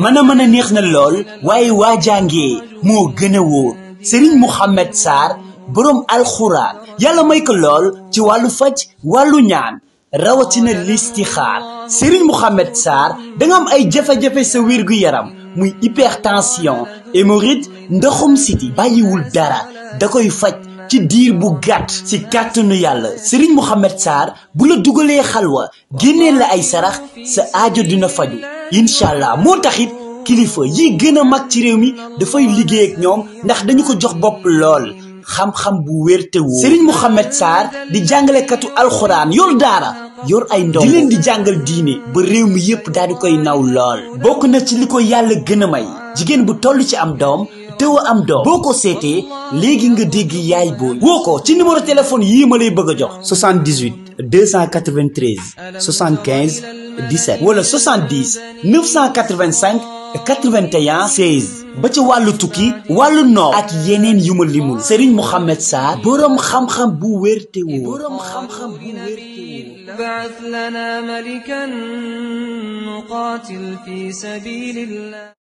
mën a mën a neex na lool waaye waa jàngee moo gën a wóor Serigne Mouhamed Sarr boroom alxuraan yàlla may ko lool ci wàllu faj wàllu ñaan rawatina listixaar Serigne Mouhamed Sarr da ay jafe-jafe sa wirgu yaram muy hypertension hémorroïde ndoxum siti bàyyiwul dara da koy faj. ci diir bu gàtt si kàttanu yàlla Serigne Mouhamed Sarr bu la dugalee xalwa génneel la ay sarax sa aajo dina faju incha allah moo taxit kilifa yi gën a mag ci réew mi dafay liggéey ak ñoom ndax dañu ko jox bopp lool xam-xam bu wér te woo Serigne Mouhamed Sarr di jàngalekatu alxuraan yor daara yor ay ndaw di di jàngal diine ba réew mi yépp daal di koy naw lool bokk na ci li ko yàlla gën a may jigéen bu toll ci am doom tëw a am doom boo ko seetee léegi nga dégg yaay booy woo ko ci numéro téléphone yii ma lay bëgg a jox 78 293 75 17 wala 70 985 81 16 ba ci wàllu tukki wàllu noob ak yeneen yu ma limul Serigne Mohamed Sarr boroom xam-xam bu wér te wóor boroom xam-xam bu wér te wóor ba'ath lana malikan nuqatil fi sabilillah